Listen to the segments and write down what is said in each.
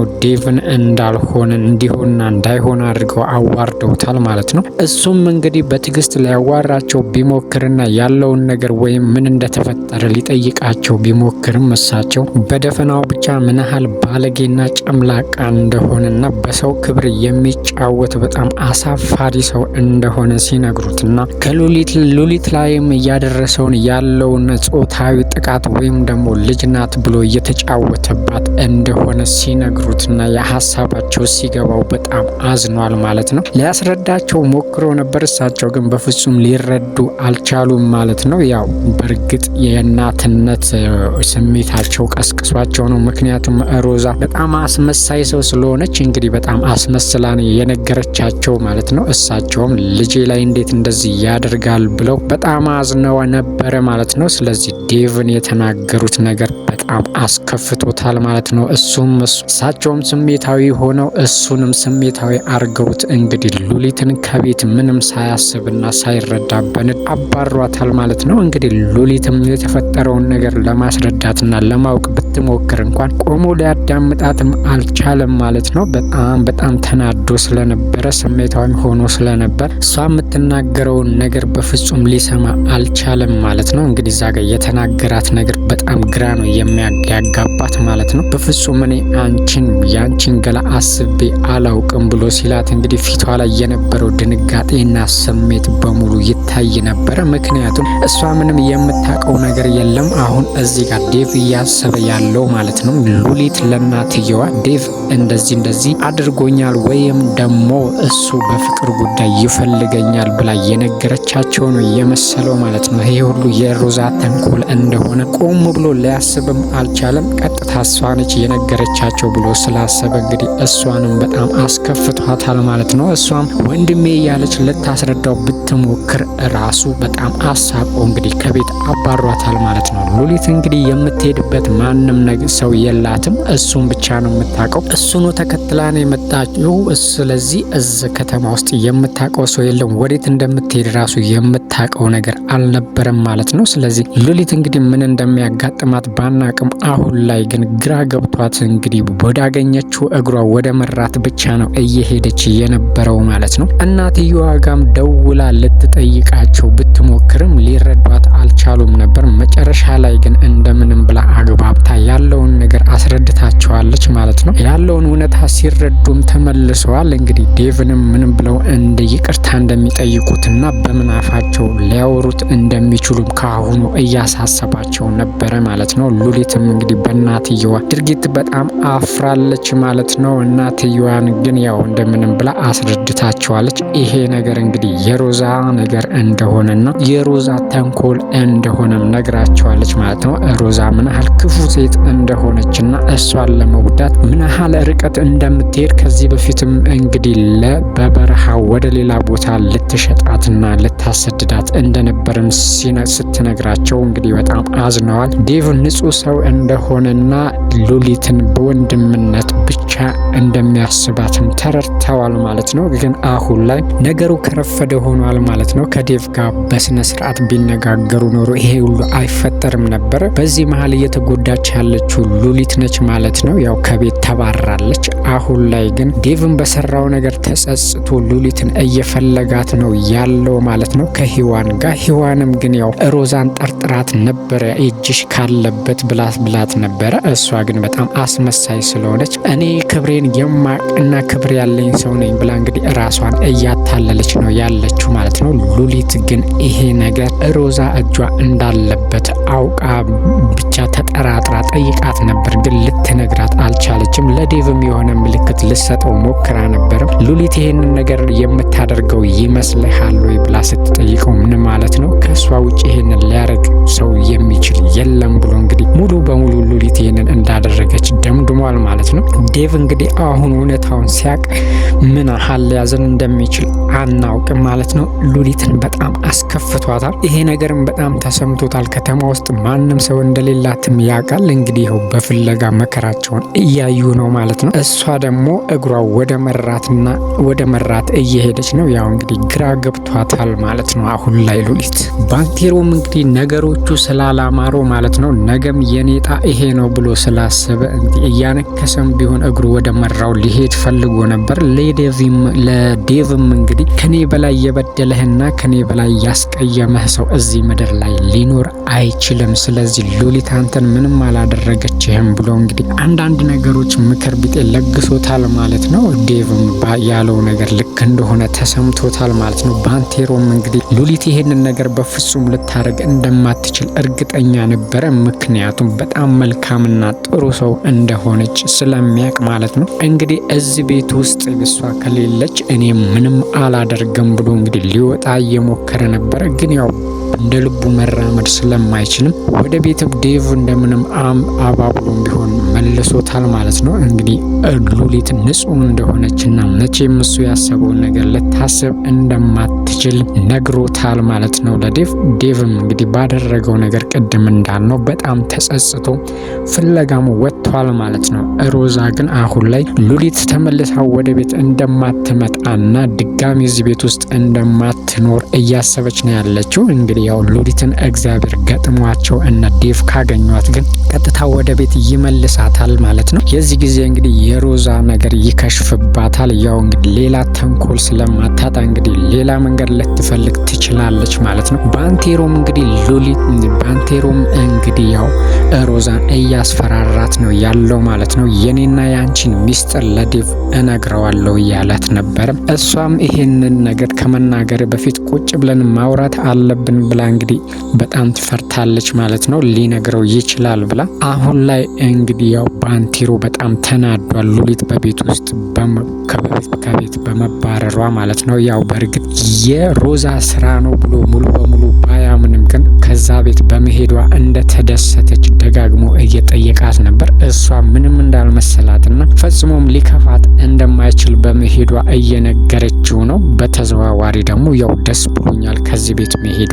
ነው ዴቭን እንዳልሆን እንዲሆንና እንዳይሆን አድርገው አዋርደውታል ማለት ነው። እሱም እንግዲህ በትዕግስት ሊያዋራቸው ቢሞክርና ያለውን ነገር ወይም ምን እንደተፈጠረ ሊጠይቃቸው ቢሞክርም እሳቸው በደፈናው ብቻ ምን ያህል ባለጌና ጨምላቃ እንደሆነና በሰው ክብር የሚጫወት በጣም አሳፋሪ ሰው እንደሆነ ሲነግሩትና ከሉሊት ሉሊት ላይም እያደረሰውን ያለውን ጾታዊ ጥቃት ወይም ደግሞ ልጅ ናት ብሎ እየተጫወተባት እንደሆነ ሲነግሩ ሲመክሩትና የሀሳባቸው ሲገባው በጣም አዝኗል ማለት ነው። ሊያስረዳቸው ሞክሮ ነበር፣ እሳቸው ግን በፍጹም ሊረዱ አልቻሉም ማለት ነው። ያው በእርግጥ የእናትነት ስሜታቸው ቀስቅሷቸው ነው። ምክንያቱም ሮዛ በጣም አስመሳይ ሰው ስለሆነች እንግዲህ በጣም አስመስላ የነገረቻቸው ማለት ነው። እሳቸውም ልጄ ላይ እንዴት እንደዚህ ያደርጋል ብለው በጣም አዝነው ነበረ ማለት ነው። ስለዚህ ዴቭን የተናገሩት ነገር በጣም አስከፍቶ አድርገውታል ማለት ነው። እሱም እሳቸውም ስሜታዊ ሆነው እሱንም ስሜታዊ አድርገውት እንግዲህ ሉሊትን ከቤት ምንም ሳያስብና ሳይረዳ በንድ አባሯታል ማለት ነው። እንግዲህ ሉሊትም የተፈጠረውን ነገር ለማስረዳትና ለማወቅ ብትሞክር እንኳን ቆሞ ሊያዳምጣትም አልቻለም ማለት ነው። በጣም በጣም ተናዶ ስለነበረ ስሜታዊ ሆኖ ስለነበር እሷ የምትናገረውን ነገር በፍጹም ሊሰማ አልቻለም ማለት ነው። እንግዲህ እዛ ጋር የተናገራት ነገር በጣም ግራ ነው የሚያጋባት ማለት ነው። በፍጹም እኔ አንቺን ያንቺን ገላ አስቤ አላውቅም ብሎ ሲላት እንግዲህ ፊቷ ላይ የነበረው ድንጋጤና ስሜት በሙሉ ይታይ ነበረ። ምክንያቱም እሷ ምንም የምታውቀው ነገር የለም። አሁን እዚህ ጋር ዴቭ እያሰበ ያለው ማለት ነው ሉሊት ለእናትየዋ ዴቭ እንደዚህ እንደዚህ አድርጎኛል ወይም ደግሞ እሱ በፍቅር ጉዳይ ይፈልገኛል ብላ የነገረቻቸው ነው የመሰለው ማለት ነው። ይህ ሁሉ የሮዛ ተንኮል እንደሆነ ቆም ብሎ ሊያስብም አልቻለም። ቀጥ ቀጥታ እሷ ነች የነገረቻቸው ብሎ ስላሰበ እንግዲህ እሷንም በጣም አስከፍቷታል ማለት ነው። እሷም ወንድሜ እያለች ልታስረዳው ብትሞክር ራሱ በጣም አሳቆ እንግዲህ ከቤት አባሯታል ማለት ነው። ሉሊት እንግዲህ የምትሄድበት ማንም ሰው የላትም፣ እሱን ብቻ ነው የምታውቀው። እሱኑ ተከትላ ነው የመጣችው። ስለዚህ እዚህ ከተማ ውስጥ የምታውቀው ሰው የለም። ወዴት እንደምትሄድ ራሱ የምታውቀው ነገር አልነበረም ማለት ነው። ስለዚህ ሉሊት እንግዲህ ምን እንደሚያጋጥማት ባናቅም አሁን ላይ ግን ግራ ገብቷት እንግዲህ ወዳገኘችው እግሯ ወደ መራት ብቻ ነው እየሄደች የነበረው ማለት ነው። እናትየዋ ጋም ደውላ ልትጠይቃቸው ብትሞክርም ሊረዷት አልቻሉም ነበር። መጨረሻ ላይ ግን እንደምንም ብላ አግባብታ ያለውን ነገር አስረድታቸዋለች ማለት ነው። ያለውን እውነታ ሲረዱም ተመልሰዋል። እንግዲህ ዴቭንም ምንም ብለው እንደ ይቅርታ እንደሚጠይቁትና በምናፋቸው ሊያወሩት እንደሚችሉም ከአሁኑ እያሳሰባቸው ነበረ ማለት ነው። ሉሊትም እንግዲህ በና እናትየዋ ድርጊት በጣም አፍራለች ማለት ነው። እናትየዋን ግን ያው እንደምንም ብላ አስረድታቸዋለች። ይሄ ነገር እንግዲህ የሮዛ ነገር እንደሆነና የሮዛ ተንኮል እንደሆነም ነግራቸዋለች ማለት ነው። ሮዛ ምን ያህል ክፉ ሴት እንደሆነችና እሷን ለመጉዳት ምን ያህል ርቀት እንደምትሄድ ከዚህ በፊትም እንግዲህ በበረሃ ወደ ሌላ ቦታ ልትሸጣትና ልታሰድዳት እንደነበርም ስትነግራቸው እንግዲህ በጣም አዝነዋል። ዴቭ ንጹህ ሰው እንደሆነና ሉሊትን በወንድምነት እንደሚያስባትም ተረድተዋል ማለት ነው። ግን አሁን ላይ ነገሩ ከረፈደ ሆኗል ማለት ነው። ከዴቭ ጋር በስነ ስርዓት ቢነጋገሩ ኖሮ ይሄ ሁሉ አይፈጠርም ነበር። በዚህ መሀል እየተጎዳች ያለችው ሉሊት ነች ማለት ነው። ያው ከቤት ተባራለች። አሁን ላይ ግን ዴቭን በሰራው ነገር ተጸጽቶ ሉሊትን እየፈለጋት ነው ያለው ማለት ነው ከሂዋን ጋር። ሂዋንም ግን ያው ሮዛን ጠርጥራት ነበረ እጅሽ ካለበት ብላት ብላት ነበረ። እሷ ግን በጣም አስመሳይ ስለሆነች እኔ ክብሬን የማቅ እና ክብር ያለኝ ሰው ነኝ ብላ እንግዲህ ራሷን እያታለለች ነው ያለችው ማለት ነው። ሉሊት ግን ይሄ ነገር ሮዛ እጇ እንዳለበት አውቃ ብቻ ተጠራጥራ ጠይቃት ነበር፣ ግን ልትነግራት አልቻለችም። ለዴቭም የሆነ ምልክት ልሰጠው ሞክራ ነበር። ሉሊት ይሄንን ነገር የምታደርገው ይመስልሃል ወይ ብላ ስትጠይቀው ምን ማለት ነው ከእሷ ውጭ ይሄንን ሊያደርግ ሰው የሚችል የለም ብሎ እንግዲህ ሙሉ በሙሉ ሉሊት ይሄንን እንዳ ማለት ነው። ዴቭ እንግዲህ አሁን እውነታውን ሲያቅ ምን ያህል ሊያዘን እንደሚችል አናውቅም ማለት ነው። ሉሊትን በጣም አስከፍቷታል። ይሄ ነገርም በጣም ተሰምቶታል። ከተማ ውስጥ ማንም ሰው እንደሌላትም ያውቃል። እንግዲህ ይኸው በፍለጋ መከራቸውን እያዩ ነው ማለት ነው። እሷ ደግሞ እግሯ ወደ መራትና ወደ መራት እየሄደች ነው። ያው እንግዲህ ግራ ገብቷታል ማለት ነው። አሁን ላይ ሉሊት ባንቴሮም እንግዲህ ነገሮቹ ስላላማሮ ማለት ነው ነገም የኔጣ ይሄ ነው ብሎ ስላሰበ እያነከ መቼም ቢሆን እግሩ ወደ መራው ሊሄድ ፈልጎ ነበር። ለዴቭም እንግዲህ ከኔ በላይ የበደለህና ከኔ በላይ ያስቀየመህ ሰው እዚህ ምድር ላይ ሊኖር አይችልም። ስለዚህ ሉሊት አንተን ምንም አላደረገችህም ብሎ እንግዲህ አንዳንድ ነገሮች ምክር ቢጤ ለግሶታል ማለት ነው። ዴቭም ያለው ነገር ልክ እንደሆነ ተሰምቶታል ማለት ነው። ባንቴሮም እንግዲህ ሉሊት ይሄንን ነገር በፍጹም ልታደርግ እንደማትችል እርግጠኛ ነበረ። ምክንያቱም በጣም መልካምና ጥሩ ሰው እንደሆነች ስለሚያውቅ ማለት ነው። እንግዲህ እዚህ ቤት ውስጥ እሷ ከሌለች እኔ ምንም አላደርግም ብሎ እንግዲህ ሊወጣ እየሞከረ ነበረ። ግን ያው እንደ ልቡ መራመድ ስለማይችልም ወደ ቤት ዴቭ እንደምንም አባብሎም ቢሆን መልሶታል ማለት ነው። እንግዲህ ሉሊት ንጹህ እንደሆነችና መቼም እሱ ያሰበውን ነገር ልታስብ እንደማትችል ነግሮታል ማለት ነው ለዴቭ። ዴቭም እንግዲህ ባደረገው ነገር ቅድም እንዳልነው በጣም ተጸጽቶ ፍለጋሙ ወጥቷል ማለት ነው። ሮዛ ግን አሁን ላይ ሉሊት ተመልሳ ወደ ቤት እንደማትመጣና ድጋሚ እዚህ ቤት ውስጥ እንደማትኖር እያሰበች ነው ያለችው። እንግዲህ ያው ሉሊትን እግዚአብሔር ገጥሟቸው እና ዴቭ ካገኟት ግን ቀጥታ ወደ ቤት ይመልሳል ይከሽፍባታል ማለት ነው። የዚህ ጊዜ እንግዲህ የሮዛ ነገር ይከሽፍባታል። ያው እንግዲህ ሌላ ተንኮል ስለማታጣ እንግዲህ ሌላ መንገድ ልትፈልግ ትችላለች ማለት ነው። ባንቴሮም እንግዲህ ሉሊት ባንቴሮም እንግዲህ ያው ሮዛን እያስፈራራት ነው ያለው ማለት ነው። የኔና የአንቺን ሚስጥር ለዴቭ እነግረዋለሁ እያላት ነበረ። እሷም ይሄንን ነገር ከመናገር በፊት ቁጭ ብለን ማውራት አለብን ብላ እንግዲህ በጣም ትፈርታለች ማለት ነው። ሊነግረው ይችላል ብላ አሁን ላይ እንግዲህ ወዲያው ባንቴሮ በጣም ተናዷል። ሉሊት በቤት ውስጥ ከቤት በመባረሯ ማለት ነው። ያው በእርግጥ የሮዛ ስራ ነው ብሎ ሙሉ በሙሉ ባያምን ወደዛ ቤት በመሄዷ እንደተደሰተች ደጋግሞ እየጠየቃት ነበር። እሷ ምንም እንዳልመሰላትና ፈጽሞም ሊከፋት እንደማይችል በመሄዷ እየነገረችው ነው። በተዘዋዋሪ ደግሞ ያው ደስ ብሎኛል ከዚህ ቤት መሄዷ፣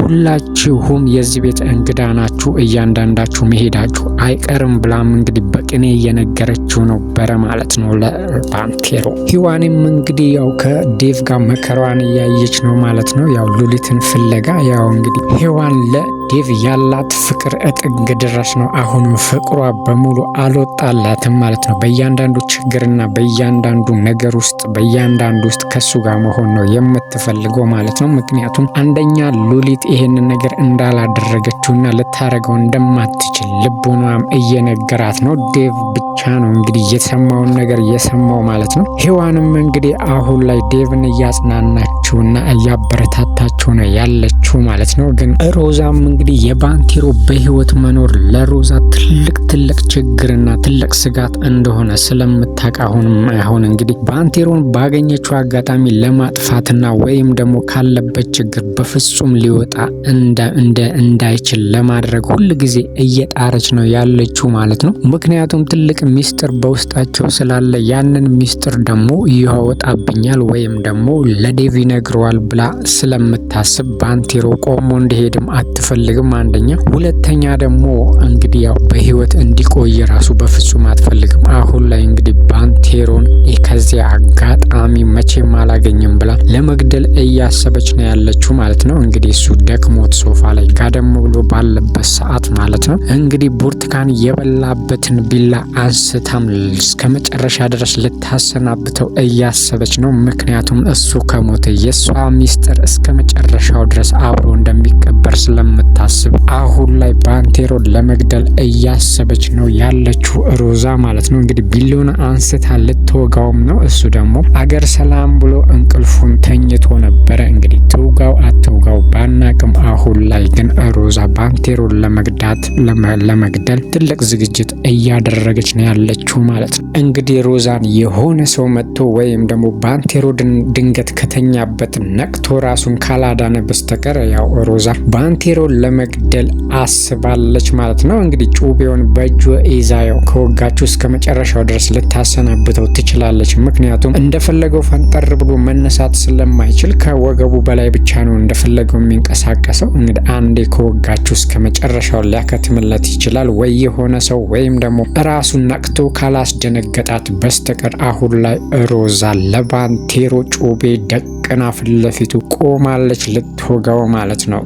ሁላችሁም የዚህ ቤት እንግዳ ናችሁ፣ እያንዳንዳችሁ መሄዳችሁ አይቀርም ብላም እንግዲህ በቅኔ እየነገረችው በረ ማለት ነው ለባንቴሮ ሂዋኔም እንግዲህ ያው ከዴቭ ጋር መከራዋን እያየች ነው ማለት ነው ያው ሉሊትን ፍለጋ ያው እንግዲህ ሄዋን لا ዴቭ ያላት ፍቅር እጥግ ድረስ ነው። አሁንም ፍቅሯ በሙሉ አልወጣላትም ማለት ነው። በእያንዳንዱ ችግርና በእያንዳንዱ ነገር ውስጥ በእያንዳንዱ ውስጥ ከሱ ጋር መሆን ነው የምትፈልገው ማለት ነው። ምክንያቱም አንደኛ ሉሊት ይሄንን ነገር እንዳላደረገችውና ልታረገው እንደማትችል ልቦናም እየነገራት ነው። ዴቭ ብቻ ነው እንግዲህ የሰማውን ነገር የሰማው ማለት ነው። ሔዋንም እንግዲህ አሁን ላይ ዴቭን እያጽናናችውና እያበረታታችው ነው ያለችው ማለት ነው። ግን ሮዛም እንግዲህ የባንቴሮ በህይወት መኖር ለሮዛ ትልቅ ትልቅ ችግርና ትልቅ ስጋት እንደሆነ ስለምታውቅ አሁንም አሁን እንግዲህ ባንቴሮን ባገኘችው አጋጣሚ ለማጥፋትና ወይም ደግሞ ካለበት ችግር በፍጹም ሊወጣ እንደ እንዳይችል ለማድረግ ሁል ጊዜ እየጣረች ነው ያለችው ማለት ነው። ምክንያቱም ትልቅ ሚስጥር በውስጣቸው ስላለ ያንን ሚስጥር ደግሞ ይወጣብኛል ወይም ደግሞ ለዴቭ ይነግረዋል ብላ ስለምታስብ ባንቴሮ ቆሞ እንዲሄድም አትፈልግም። አትፈልግም። አንደኛ ሁለተኛ ደግሞ እንግዲህ ያው በህይወት እንዲቆይ ራሱ በፍጹም አትፈልግም። አሁን ላይ እንግዲህ ባንቴሮን ከዚያ አጋጣሚ መቼም አላገኝም ብላ ለመግደል እያሰበች ነው ያለችው ማለት ነው። እንግዲህ እሱ ደክሞት ሶፋ ላይ ጋደም ብሎ ባለበት ሰዓት ማለት ነው እንግዲህ ብርቱካን የበላበትን ቢላ አንስታም እስከ መጨረሻ ድረስ ልታሰናብተው እያሰበች ነው። ምክንያቱም እሱ ከሞተ የእሷ ሚስጥር እስከ መጨረሻው ድረስ አብሮ እንደሚቀበር ስለምት ስታስብ አሁን ላይ ባንቴሮን ለመግደል እያሰበች ነው ያለችው ሮዛ ማለት ነው። እንግዲህ ቢሊዮን አንስታ ልትወጋውም ነው። እሱ ደግሞ አገር ሰላም ብሎ እንቅልፉን ተኝቶ ነበረ። እንግዲህ ትውጋው አትውጋው ባናቅም አሁን ላይ ግን ሮዛ ባንቴሮን ለመግዳት ለመግደል ትልቅ ዝግጅት እያደረገች ነው ያለችው ማለት ነው። እንግዲህ ሮዛን የሆነ ሰው መጥቶ ወይም ደግሞ ባንቴሮ ድንገት ከተኛበት ነቅቶ ራሱን ካላዳነ በስተቀር ያው ሮዛ ባንቴሮን ለመግደል አስባለች ማለት ነው። እንግዲህ ጩቤውን በእጁ ኢዛ ያው እስከ መጨረሻው ድረስ ልታሰናብተው ትችላለች። ምክንያቱም እንደፈለገው ፈንጠር ብሎ መነሳት ስለማይችል ከወገቡ በላይ ብቻ ነው እንደፈለገው የሚንቀሳቀሰው እንግዲህ አንዴ ከወጋችሁ እስከ መጨረሻው ሊያከትምለት ይችላል። ወይ የሆነ ሰው ወይም ደግሞ ራሱን ነቅቶ ካላስደነገጣት በስተቀር አሁን ላይ ሮዛ ለባንቴሮ ጩቤ ደቅና ፊት ለፊቱ ቆማለች፣ ልትወጋው ማለት ነው።